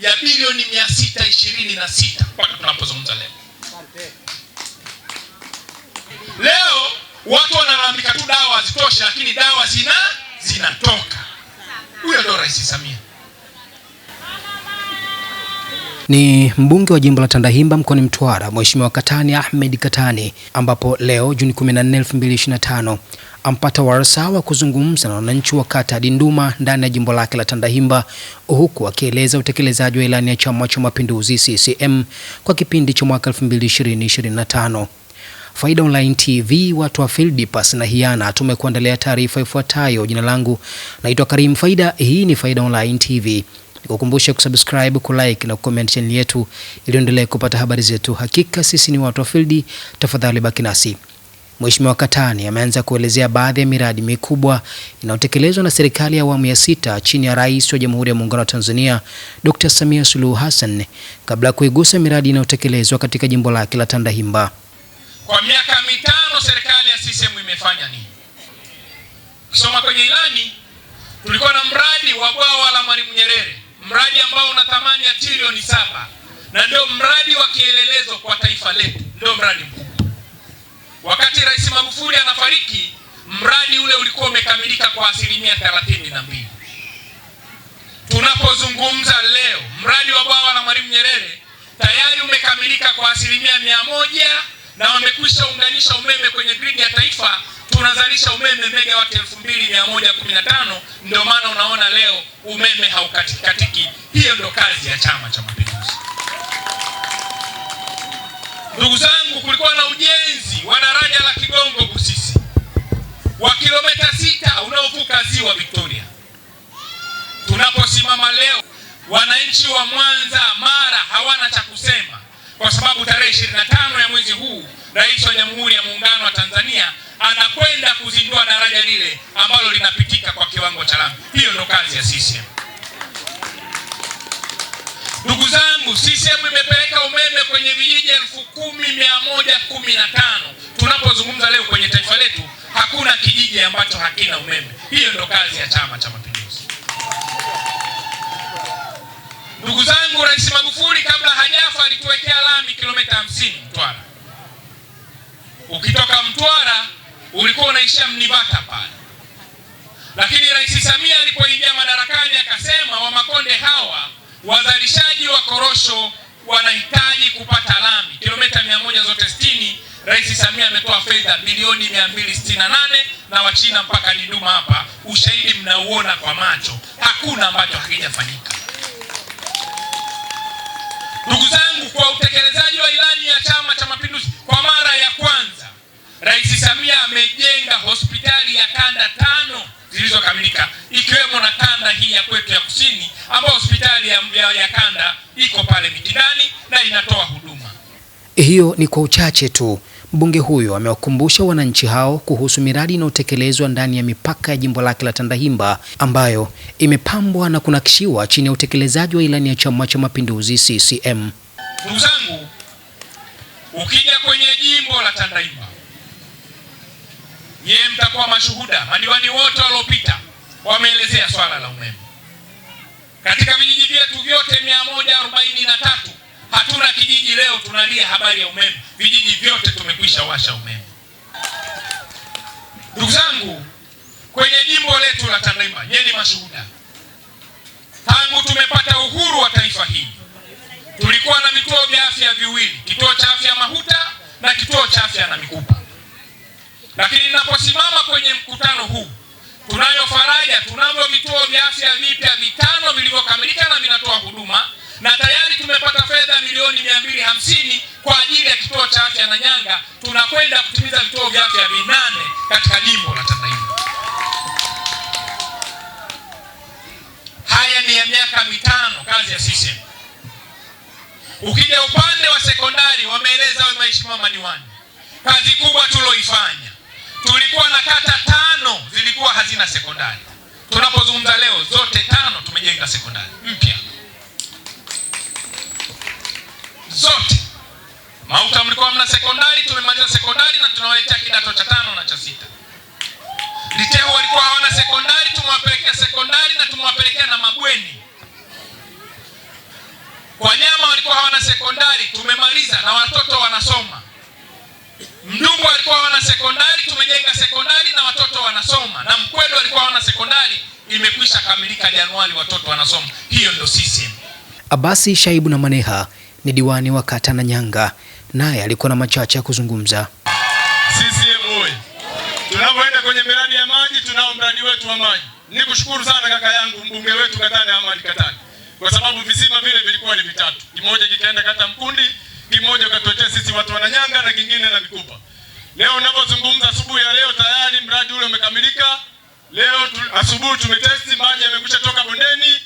ya bilioni mia sita ishirini na sita mpaka tunapozungumza leo. Leo watu wanalalamika tu dawa hazitoshi, lakini dawa zina zinatoka. Huyo ndo Rais Samia. Ni mbunge wa jimbo la Tandahimba mkoani Mtwara, Mheshimiwa Katani Ahmed Katani, ambapo leo Juni 14, 2025 ampata warsa wa kuzungumza na wananchi wa kata Dinduma ndani ya jimbo lake la Tandahimba, huku akieleza utekelezaji wa ilani ya Chama cha Mapinduzi CCM kwa kipindi cha mwaka 2020-2025. Faida Online TV, watu wa field pass na hiana, tumekuandalia taarifa ifuatayo. Jina langu naitwa Karim Faida. Hii ni Faida Online TV. Nikukumbushe kusubscribe, kulike na kucomment channel yetu ili uendelee kupata habari zetu. Hakika sisi ni watu wa field. Tafadhali baki nasi. Mheshimiwa Katani ameanza kuelezea baadhi ya miradi mikubwa inayotekelezwa na serikali ya awamu ya sita chini ya Rais wa Jamhuri ya Muungano wa Tanzania Dr. Samia Suluhu Hassan kabla ya kuigusa miradi inayotekelezwa katika jimbo lake la Tandahimba. Kwa miaka mitano serikali ya CCM imefanya nini? Kusoma kwenye ilani tulikuwa na mradi wa bwawa la Mwalimu Nyerere, mradi ambao una thamani ya trilioni saba na ndio mradi wa kielelezo kwa taifa letu, ndio mradi Wakati Rais Magufuli anafariki, mradi ule ulikuwa umekamilika kwa asilimia thelathini na mbili. Tunapozungumza leo, mradi wa bwawa la Mwalimu Nyerere tayari umekamilika kwa asilimia mia moja na wamekwisha unganisha umeme kwenye gridi ya taifa. Tunazalisha umeme megawati elfu mbili mia moja kumi na tano. Ndio maana unaona leo umeme haukatikatiki. Hiyo ndio kazi ya Chama cha Mapinduzi, ndugu zangu. Kulikuwa na ujenzi 25 ya mwezi huu Rais wa Jamhuri ya Muungano wa Tanzania anakwenda kuzindua daraja lile ambalo linapitika kwa kiwango cha lami. Hiyo ndo kazi ya CCM. Ndugu zangu, CCM imepeleka umeme kwenye vijiji elfu kumi mia moja kumi na tano. Tunapozungumza leo kwenye taifa letu hakuna kijiji ambacho hakina umeme. Hiyo ndo kazi ya Chama cha Mapinduzi. Ndugu zangu, Rais Magufuli wanaishia mnibata pale. Lakini Rais Samia alipoingia madarakani akasema Wamakonde hawa wazalishaji wa korosho wanahitaji kupata lami kilomita mia moja zote sitini. Rais Samia ametoa fedha bilioni 268 na Wachina mpaka Dodoma hapa, ushahidi mnauona kwa macho, hakuna ambacho hakijafanyika. Ndugu zangu, kwa utekelezaji wa ilani ya Chama cha Mapinduzi Rais Samia amejenga hospitali ya kanda tano zilizokamilika ikiwemo na kanda hii ya kwetu ya kusini, ambayo hospitali ya, ya, ya kanda iko pale Mikindani na inatoa huduma hiyo. Ni kwa uchache tu. Mbunge huyo amewakumbusha wananchi hao kuhusu miradi inayotekelezwa ndani ya mipaka ya jimbo lake la Tandahimba ambayo imepambwa na kunakishiwa chini ya utekelezaji wa ilani ya Chama cha Mapinduzi CCM. Ndugu zangu, ukija kwenye jimbo la Tandahimba nyie mtakuwa mashuhuda, madiwani wote waliopita wameelezea swala la umeme katika vijiji vyetu vyote mia moja arobaini na tatu. Hatuna kijiji leo tunalia habari ya umeme, vijiji vyote tumekwisha washa umeme. Ndugu zangu, kwenye jimbo letu la Tandahimba, nyie ni mashuhuda, tangu tumepata uhuru wa taifa hili tulikuwa na vituo vya afya viwili, kituo cha afya Mahuta na kituo cha afya na mikupa lakini ninaposimama kwenye mkutano huu, tunayo faraja, tunavyo vituo vya afya vipya vitano vilivyokamilika na vinatoa huduma na tayari tumepata fedha milioni mia mbili hamsini kwa ajili ya kituo cha afya Nanyanga. Tunakwenda kutimiza vituo vya afya vinane katika jimbo la Tandahimba. Haya ni ya miaka mitano kazi ya CCM. Ukija upande wa sekondari, wameeleza we, Mheshimiwa madiwani, kazi kubwa tuloifanya tulikuwa na kata tano zilikuwa hazina sekondari. Tunapozungumza leo, zote tano tumejenga sekondari mpya zote. Mauta mlikuwa mna sekondari, tumemaliza sekondari na tunawaletea kidato cha tano na cha sita. Litehu walikuwa hawana sekondari, tumewapelekea sekondari na tumewapelekea na mabweni. Wanyama walikuwa hawana sekondari, tumemaliza na watoto wanasoma. Mdungu alikuwa wana sekondari, tumejenga sekondari na watoto wanasoma, na Mkwedo alikuwa wana sekondari, imekwisha kamilika Januari, watoto wanasoma. Hiyo ndio CCM. Abasi Shaibu na Maneha ni diwani wa kata na Nyanga, naye alikuwa na machache ya kuzungumza. CCM oye! Tunapoenda kwenye miradi ya maji, tunao mradi wetu wa maji. Nikushukuru sana kaka yangu mbunge wetu Katani Ahmad Katani kwa sababu visima vile vilikuwa ni vitatu, kimoja kikaenda kata Mkundi, kimoja ukatuletea sisi watu wa Nanyanga Leo ninapozungumza asubuhi ya leo tayari mradi ule umekamilika. Leo tu, asubuhi tumetesti maji yamekwisha toka bondeni.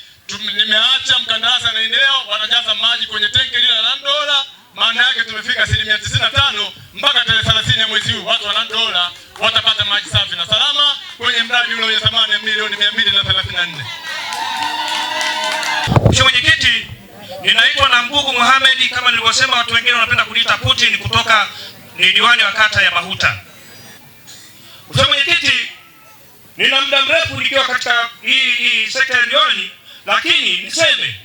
Nimeacha mkandarasi anaendelea, wanajaza maji kwenye tenki lile la Ndola. Maana yake tumefika asilimia tisini na tano mpaka tarehe thelathini ya mwezi huu watu wa Ndola watapata maji safi na salama kwenye mradi ule wenye thamani ya milioni mia mbili na thelathini na nne. Mheshimiwa Mwenyekiti, ninaitwa Nambugu Mohamed, kama nilivyosema watu wengine wanapenda kuniita Putin kutoka ni diwani wa kata ya Mahuta. Mheshimiwa Mwenyekiti, nina muda mrefu nikiwa katika hii hii sekta ya diwani, lakini niseme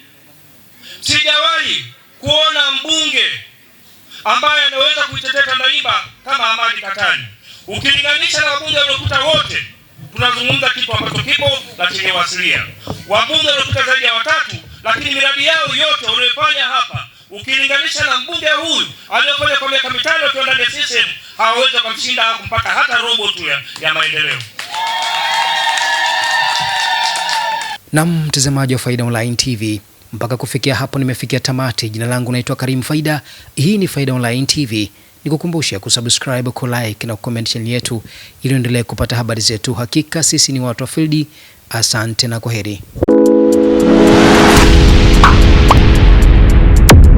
sijawahi kuona mbunge ambaye anaweza kuitetea Tandahimba kama Ahmadi Katani, ukilinganisha na wabunge waliopita wote. Tunazungumza kitu ambacho kipo na chenye wasilia Wabunge waliopita zaidi ya watatu, lakini miradi yao yote waliofanya hapa, ukilinganisha na mbunge huyu aliyofanya kwa miaka mitano CCM hawawezi kumshinda au kumpata hata robo tu ya, ya maendeleo. Nam mtazamaji wa Faida Online TV, mpaka kufikia hapo nimefikia tamati. Jina langu naitwa Karim Faida, hii ni Faida Online TV. Nikukumbushe kusubscribe, like na kucomment channel yetu ili uendelee kupata habari zetu. Hakika sisi ni watu wa fildi. Asante na kwaheri.